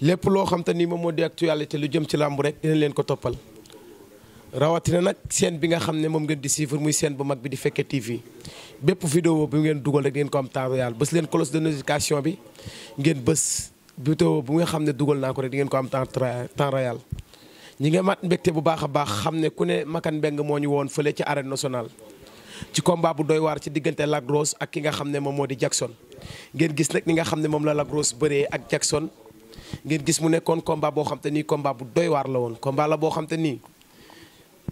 lépp loo xam te ni moom moo di actualité lu jëm ci làmb rek dinañ leen ko toppal rawatina nag seen bi nga xam ne moom ngeen di suivre muy seen bu mag bi di fekke TV bépp vidéo bu ngeen dugal rek ngeen ko am temps réel bës leen cloche de notification bi ngeen bës vidéo bu xam ne dugal naa ko rek di ngeen ko am temps temps réel ñi nga mat mbégte bu baax a baax xam ne ku ne Makan Mbeng moo ñu woon fële ci arène nationale ci combat bu doy waar ci diggante Lac Rose ki nga xam ne moom moo di Jackson ngeen gis nag ni nga xam ne moom la Lac Rose bëree ak Jackson ngeen gis mu nekkoon combat boo xam te ni combat bu doy waar la woon combat la boo xam te ni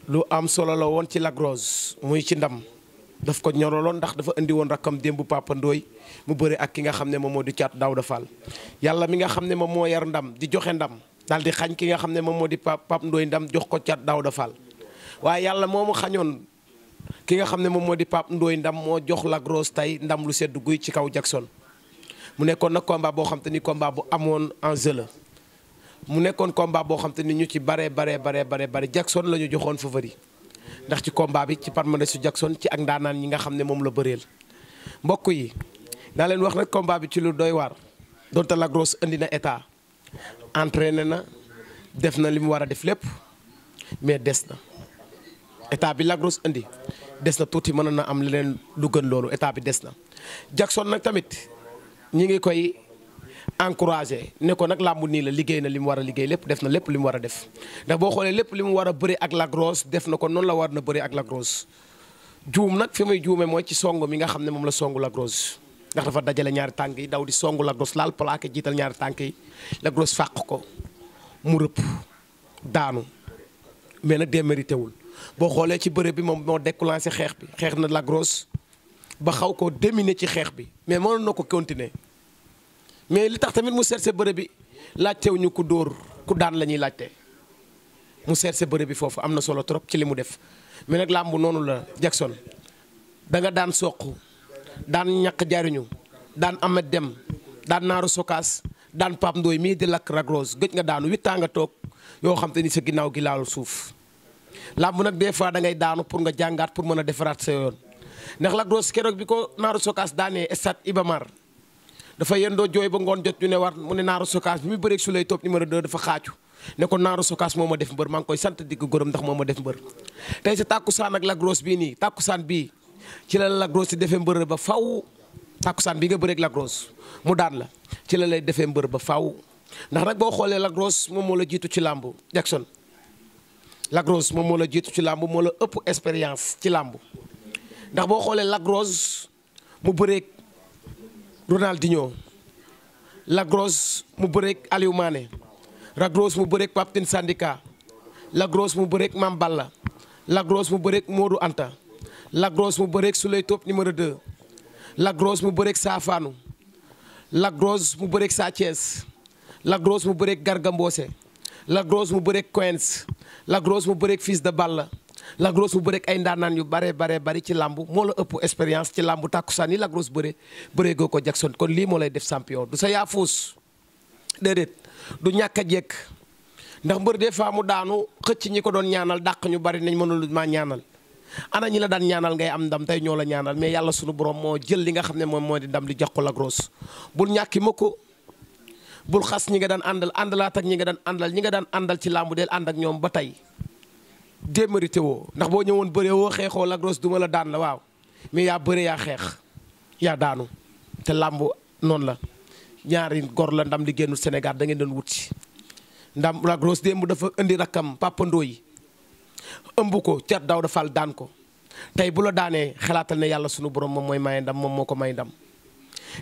lu am solo la woon ci Lac Rose muy ci ndam daf ko ñoroloon ndax dafa indi woon rakkam démb Papa Ndoy mu bëri ak ki nga xam ne moom moo di caat Daouda Fall yàlla mi nga xam ne moom moo yar ndam di joxe ndam daal di xañ ki nga xam ne moom moo di Pap Pap Ndoy ndam jox ko caat Daouda Fall waaye yàlla mu xañoon ki nga xam ne moom moo di Pap ndooy ndam moo jox Lac tey ndam lu sedd guy ci kaw Jackson mu nekkoon nag combat boo xam te ni combat bu amoon enjeu la mu nekkoon combat boo xam te ni ñu ci baree baree baree baree bare Jackson la ñu joxoon favori ndax ci combat bi ci palmarèsu Jackson ci ak ndaanaan ñi nga xam ne moom la bëreel mbokk yi naa leen wax nag combat bi ci lu doy waar donte lagros Rose indi na état entraîné na def na li mu war a def lépp mais des na état bi Lac indi des na tuuti mën na am leneen lu gën loolu état bi des na Jackson nag tamit ñi ngi koy encouragé ne ko nag làmb nii la liggéey na li mu war a liggéey lépp def na lépp li mu war a def ndax boo xoolee lépp li mu war a bëri ak Lac Rose def na ko noonu la war na bëri ak Lac Rose juum nag fi muy juume mooy ci song mi nga xam ne moom la songu la Rose ndax dafa dajale ñaari tànk yi daw di song la Rose laal plaqué jiital ñaari tànk yi Lac Rose fàq ko mu rëpp daanu mais nag démérité wul boo xoolee ci bëre bi moom moo déclenché xeex xeex na Lac ba xaw ko dominer ci xeex bi mais mënoon na ko continuer mais li tax tamit mu seet sa bëre bi laajtewuñu ñu ku dóor ku daan la ñuy laajte mu seet sa bëre bi foofu am na solo trop ci li mu def mais nag làmb noonu la Jackson da nga daan soq daan ñaq jariñu daan Amed Dem daan Naaru Sokaas daan Pape Ndoye mii di lakk ragrose gëj nga daanu huit ans nga toog yoo xam te ni sa ginnaaw gi laalu suuf làmb nag des fois da ngay daanu pour nga jàngaat pour mën a defaraat sa yoon ndax Lac Rose keroog bi ko naaru sokaas daanee stade Iba Mar dafa yendoo jooy ba ngoon jot yu ne war mu ne naaru sokaas bi mu bëreeg su lay topp numéro 2 dafa xaaju ne ko naaru sokaas moo ma def mbër maa koy sant di ko gërëm ndax moo ma def mbër sa tàkkusaan ak Lac Rose bii nii tàkkusaan bii ci la Lac Rose di defee mbër ba faw tàkkusaan bi nga bëreeg Lac Rose mu daan la ci la lay defee mbër ba faw ndax nag boo xoolee Lac Rose moom moo la jiitu ci làmb Jackson Lac Rose moom moo la jiitu ci làmb moo la ëpp expérience ci làmb ndax boo xoolee Lac mu bëreeg Ronaldinho Lac Rose mu bëreeg Aliou Mané Lac Rose mu bëreeg Pape Sandika lagros mu bëreeg Mame Balla lagros Rose mu bëreeg Modou Anta lagros mu bëreeg Souley Top numéro 2 lagros mu bëreeg saafaanu Lac mu bëreeg Sa lagros Lac Rose mu bëreeg Garga Mbossé Lac Rose mu bëreeg Coens Lac Rose mu bëreeg Fils de Balla lagros bu bëreeg ay ndaanaan yu bare bare bari ci làmb moo la ëpp expérience ci làmb tàkku yi Lac Rose bëre bëree goo ko Jackson kon lii moo lay def champion du sa yaafuus déedéet du ñàkk a jekk ndax mbër des fois mu daanu xëcc ñi ko doon ñaanal dàq ñu bari nañ mënul maa ñaanal ana ñi la daan ñaanal ngay am ndam tey ñoo la ñaanal mais yàlla sunu borom moo jël li nga xam ne moom mooy di ndam li jox ko Lac Rose bul ñàkki ma ko bul xas ñi nga daan àndal àndalaat ñi nga daan àndal ñi nga daan àndal ci làmb del ànd ak ñoom ba tey démérité woo ndax boo ñëwoon bëree woo xeexoo Lac Rose duma la daan la waaw mais yaa bëree yaa xeex yaa daanu te làmb noonu la ñaari gor la ndam li génnul senegal da ngeen doon wuti ndam Lac Rose démb dafa indi rakkam Papa Ndoye ëmb ko cat daaw defal daan ko tey bu la daanee xalaatal ne yàlla sunu borom moom mooy may ndam moom moo ko may ndam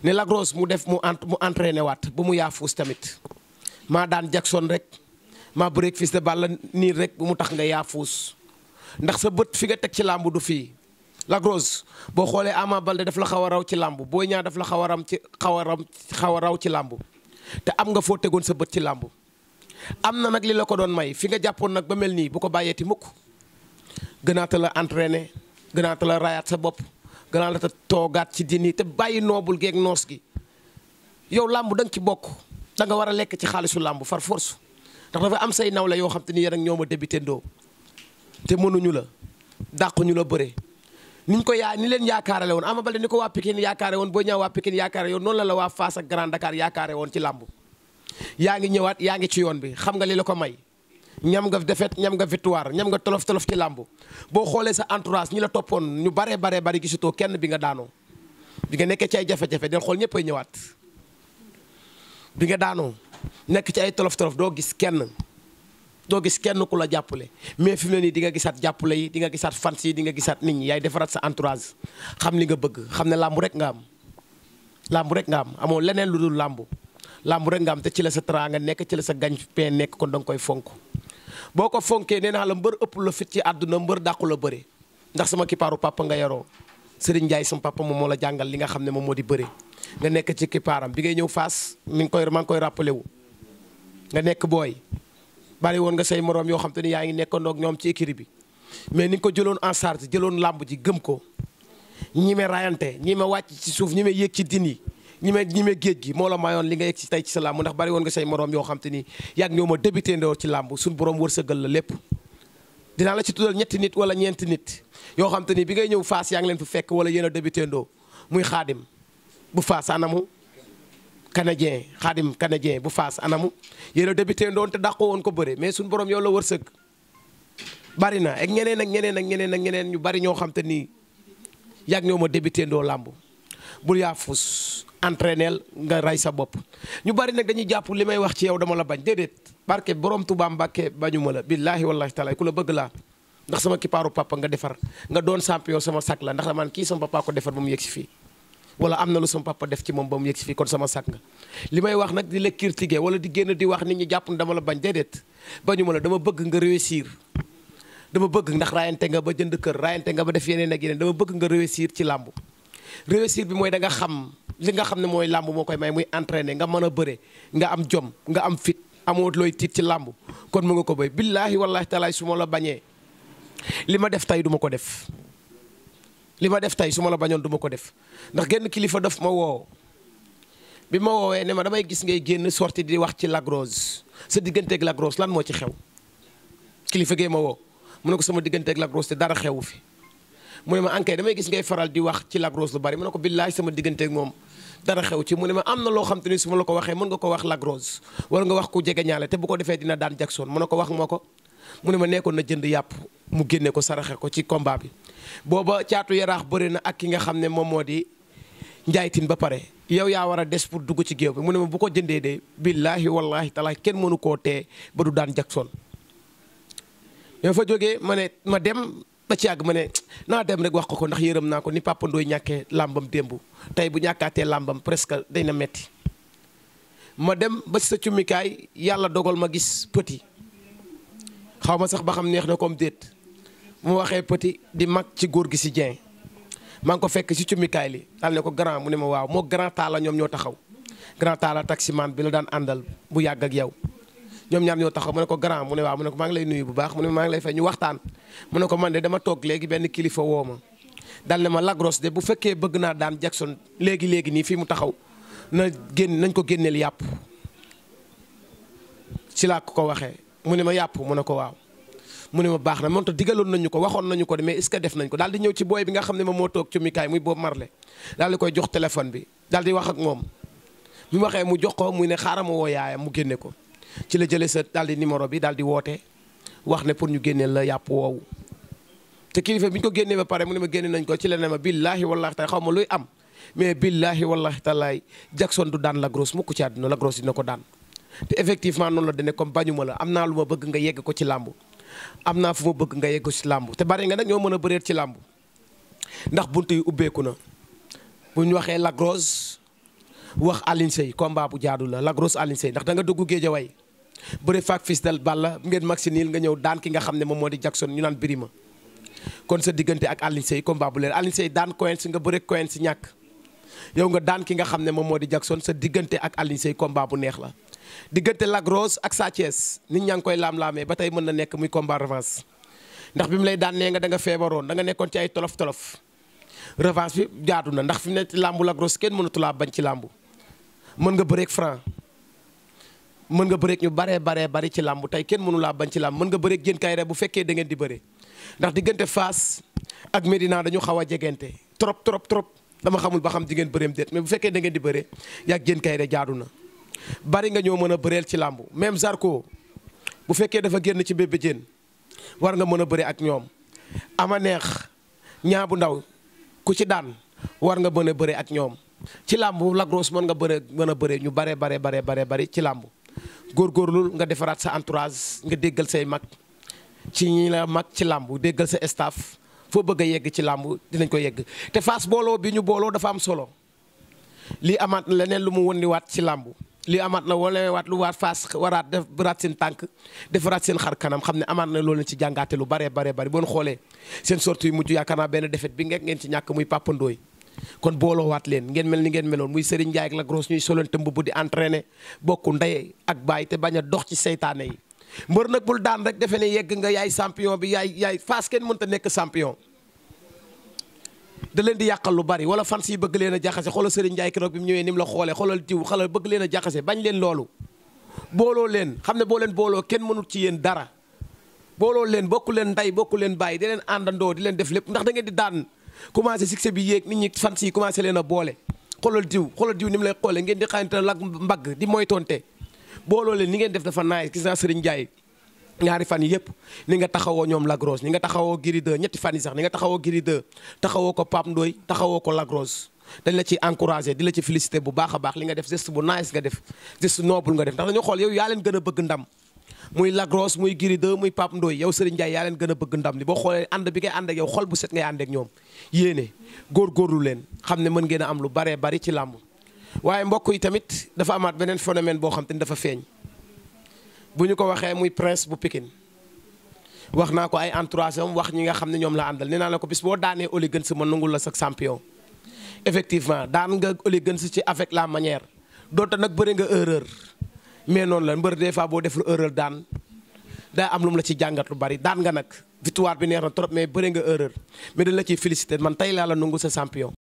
ne Lac Rose mu def mu entraîné waat ba mu yaafuus tamit maa daan Jackson rek. maa bëreeg fils de Balla nii rek mu tax nga yaafuus ndax sa bët fi nga teg ci làmb du fii la grosse boo xoolee Ama Baldé daf la xaw a raw ci làmb Boy ñaar daf la xaw a ram ci xaw a ram xaw raw ci làmb te am nga foo tegoon sa bët ci làmb am na nag li la ko doon may fi nga jàppoon nag ba mel nii bu ko ti mukk gënaata la entraîner gënaata la raayaat sa bopp gënaata la toogaat ci dini te bàyyi noobul geeg noos gi yow làmb da ci bokk da nga war a lekk ci xaalisu làmb far ndax dafa am say nawle yoo xam te ni yéen ak ñoom a débuté ndoo te mënuñu la dàquñu la bëre niñ ko yaa ni leen yaakaarale woon Ama Baldé ni ko waa Pikine yaakaare woon boo ñëwee waa Pikine yaakaare yoon noonu la la waa Fass ak Grand Dakar yaakaare woon ci làmb yaa ngi ñëwaat yaa ngi ci yoon bi xam nga li la ko may ñam nga défaite ñam nga victoire ñam nga tolof tolof ci làmb boo xoolee sa entourage ñi la toppoon ñu baree baree bari gisutoo kenn bi nga daanoo bi nga nekkee ci ay jafe-jafe xool ñëppay ñëwaat bi nga daanoo nekk ci ay tolof tolof doo gis kenn doo gis kenn ku la jàppale mais fi mu ne nii di nga gisaat jàppale yi di nga gisaat fans yi di nga gisaat nit ñi yaay defaraat sa entourage xam li nga bëgg xam ne làmb rek nga am làmb rek nga am amoo leneen lu dul làmb làmb rek nga am te ci la sa nga nekk ci la sa gagne-pain nekk kon da koy fonk boo ko fonkee nee naa la mbër ëpp la fit ci àdduna mbër dàqu la bëre ndax sama kipaaru papa nga yaroo Serigne Ndiaye sama papa moom moo la jàngal li nga xam ne moom moo di bëre nga nekk ci kipaaram bi ngay ñëw faas mi ngi koy maa ngi koy rappelé wu nga nekk booy bari woon nga say moroom yoo xam te ni yaa ngi nekkandoog ñoom ci écurie bi mais ni nga ko jëloon en charge jëloon làmb ji gëm ko ñi me rayante ñi me wàcc ci suuf ñi me yéeg ci din yi ñi me ñi me géej gi moo la mayoon li nga yegg ci tey ci sa làmb ndax bari woon nga say moroom yoo xam te ni yàgg ñoo ma débuté ndoor ci làmb suñu borom wërsëgal la lépp dinaa la ci tuddal ñetti nit wala ñeenti nit yoo xam te ni bi ngay ñëw faas yaa ngi leen fekk wala yéen a débuté ndoo muy xaadim bu Fass canadien xaadim canadien bu faas anamu yéen a débuté doon te woon ko bëre mais suñu borom yow la wërsëg bari na ak ñeneen ak ñeneen ak ñeneen ak ñeneen ñu bari ñoo xam te nii yàgg ñoo ma débuté ndoo làmb bul yaa fus entraîneel nga ray sa bopp ñu bari nag dañuy jàpp li may wax ci yow dama la bañ déedéet barke borom Tuubaa Mbàkke bañu ma la billaahi wallaahi taala ku la bëgg laa ndax sama kippaaru papa nga defar nga doon champion sama sac la n damaan kii sama papa ko defar ba mu fii wala am na lu sama papa def ci moom ba mu yegg si fii kon sama sag nga li may wax nag di la critiquer wala di génn di wax nit ñi jàpp na dama la bañ déedéet bañu ma la dama bëgg nga réussir dama bëgg ndax raayante nga ba jënd kër raayante nga ba def yeneen ak yeneen dama bëgg nga réussir ci làmb réussir bi mooy da nga xam li nga xam ne mooy làmb moo koy may muy entraîner nga mën a bëre nga am jom nga am fit amoo looy tiit ci làmb kon mu nga ko béy billaahi wallaahi taalaay su ma la bañee li ma def tey du ko def li ma def tey su ma la bañoon du ma ko def ndax genn kilifa daf ma woo bi ma woowee ne ma damay gis ngay génn sorti di wax ci lagros sa digganteeg Lac lan moo ci xew kilifa gee ma woo mu ne ko sama digganteeg Lac Rose te dara xewu fi mu ne ma ankay damay gis ngay faral di wax ci Lac Rose lu bari mu ko billaay sama digganteeg moom dara xew ci mu ne ma am na loo xam te ni su ma la ko waxee mën nga ko wax lagros Rose wala nga wax ku jege ñaale te bu ko defee dina daan Jackson mu ne ko wax ma ko mu ne ma nekkoon na jënd yàpp mu génne ko saraxe ko ci kombaa bi booba caatu yaraax bëri na ak ki nga xam ne moom moo di njaaytin ba pare yow yaa war a des pour dugg ci géew bi mu ne ma bu ko jëndee de billaahi wallaahi talaahi kenn mënu koo te ba du daan Jackson ñoo fa jóge ma ne ma dem ba ci yàgg ma ne naa dem rek wax ko ko ndax yërëm naa ko ni Papa Ndoye ñàkkee làmbam démb tey bu ñàkkaatee làmbam presque day na metti ma dem ba ci sa cummikaay yàlla dogal ma gis pëti xaw ma sax ba xam neex na comme déet mu waxee pëti di mag ci góor gi si Dieng maa ngi ko fekk si cummikaay li dal ne ko grand mu ne ma waaw moo grand taala ñoom ñoo taxaw grand taala taximan bi nu daan àndal bu yàgg ak yow ñoom ñaar ñoo taxaw mu ne ko grand mu ne waaw mu ne ko maa ngi lay nuyu bu baax mu ne maa ngi lay fay ñu ne ko man de dama toog léegi benn kilifa woo ma dal ne ma lagros de bu fekkee bëgg naa daan Jackson léegi léegi nii fii mu taxaw na génn nañ ko génneel yàpp si laa ko ko waxee mu ne ma yàpp mu ne ko waaw mu ne ma baax na moonte digaloon nañu ko waxoon nañu ko de mais est def nañ ko daal di ñëw ci booy bi nga xam ne moom moo koy jox téléphone bi daal di wax ak moom mu waxee mu jox ko mu ne xaaral ma woo yaayam mu génne ko ci la jëlee sa daal numéro bi daal di woote wax ne pour ñu génneel la yàpp woowu te kilifa bi ñu ko génnee ba pare mu ne ma génne nañ ko ci la ne ma billaahi wallaahi taala xaw ma luy am mais billaahi wallaahi taalaay Jackson du daan la grosse mukk ci àdduna la grosse dina ko daan te effectivement noonu la dene comme bañu ma la am naa lu ma bëgg nga yegg ko ci làmb am naa fu ma bëgg nga yeggu si làmb te bari nga nag ñoo mën a bëreet ci làmb ndax bunt yi ubbeeku na bu ñu waxee Lac wax Alioune Seye combat bu jaadu la Lac Rose Alioune Seye ndax da nga dugg Géejawaay bëri faak fils del ngeen mag si niil nga ñëw daan ki nga xam ne moom moo di Jackson ñu naan ma kon sa diggante ak Alioune Seye bu leer Alioune Seye daan Coence nga bëre si ñàkk. yow nga daan ki nga xam ne moom moo di Jackson sa diggante ak Alioune Seye combat bu neex la. diggante Lac Rose ak Sa nit ñaa ngi koy laam-laamee ba tey mën na nekk muy combat revanche ndax bi mu lay daan nee nga da nga feebaroon da nekkoon ci ay tolof tolof. revanche bi jaatu na ndax fi mu ne làmbu Lac Rose kenn mënatu laa bañ ci làmbu mën nga bëreeg franc mën nga bëreeg ñu baree baree bari ci làmbu tey kenn mënu bañ ci làmb mën nga bëreeg jën kay rek bu fekkee da ngeen di bëre ndax diggante Fass ak Medina dañu xaw a jegente trop trop trop. dama xamul ba xam di ngeen bëreem déet mais bu fekkee da ngeen di bëre yàgg Diène Kairé jaadu na bari nga ñoo mën a bëreel ci làmb même Zarko bu fekkee dafa génn ci Bébé Diène war nga mën a bëre ak ñoom ama neex ñaa bu ndaw ku ci daan war nga mën a ak ñoom ci làmb lagros mën nga bëre mën a bëre ñu bare bare bare bare bari ci làmb góor góorlul nga defaraat sa entourage nga déggal say mag ci ñi la mag ci làmb déggal sa staff foo bëgg a yegg ci làmb dinañ ko yegg te Fass booloo bi ñu booloo dafa am solo lii amaat na leneen lu mu wëndiwaat ci làmb lii amaat na waat lu waat Fass waraat def baraat seen tànk defaraat seen xar kanam xam ne amaat na loolu ci jàngaate lu baree baree bari bon xoolee seen sorti yu mujj yaakaar naa benn defet bi ngeen ngeen ci ñàkk muy Papa Ndoye kon booloowaat leen ngeen mel ni ngeen meloon muy Serigne Ndiaye ak la grosse ñuy solante mbubb di entraîné bokku ndey ak bàyyi te bañ a dox ci seytaane yi mbër nag bul daan rek defe ne yegg nga yaay champion bi yaay yaay faas kenn mënta nekk champion. da leen di yàqal lu bari wala fans yi bëgg leen a jaxase xoolal Serigne Ndiaye keroog bi mu ñëwee ni la xoolee xoolal jiw xoolal bëgg leen a leen loolu. booloo leen xam ne boo leen booloo kenn mënut ci yéen dara booloo leen bokku leen ndey bokku leen bàyyi di àndandoo di leen def lépp ndax da ngeen di daan commencé succès yéeg nit ñi fans yi commencé leen a boole. xoolal diw xoolal diw ni mu lay xoolee ngeen di xaante lag mbag di moytonte booloo leen ni ngeen def dafa naaj gis naa Serigne Ndiaye ñaari fan yi yëpp ni nga taxawoo ñoom Lagros ni nga taxawoo Giri ñetti fan yi sax ni nga taxawoo Giri 2 taxawoo ko Pape Ndoye taxawoo ko Lagros dañ la ci encouragé di la ci félicité bu baax a baax li nga def geste bu nice nga def geste noble nga def ndax dañoo xool yow yaa leen gën a bëgg ndam muy Lagros muy Giri 2 muy Pape Ndoye yow Serigne Ndiaye yaa leen gën a bëgg ndam li boo xoolee ànd bi ngay ànd ak yow xol bu set ngay ànd ak ñoom leen xam ne mën ngeen am lu baree bari ci làmb waaye mbokk yi tamit dafa amaat beneen phénomène boo xam te ni dafa feeñ bu ñu ko waxee muy prince bu Pikine wax naa ko ay entourage am wax ñi nga xam ne ñoom la àndal nee naa la ko bis boo daanee Oli Guens ma nangul la sa champion. effectivement daan nga Oli Guens ci avec la manière doonte nag bëri nga erreur mais noonu la mbër des fois boo deful erreur daan daa am lu la ci jàngat lu bari daan nga nag victoire bi neex na trop mais bëri nga erreur mais dañ la ciy féliciter man tey laa la nangu sa champion.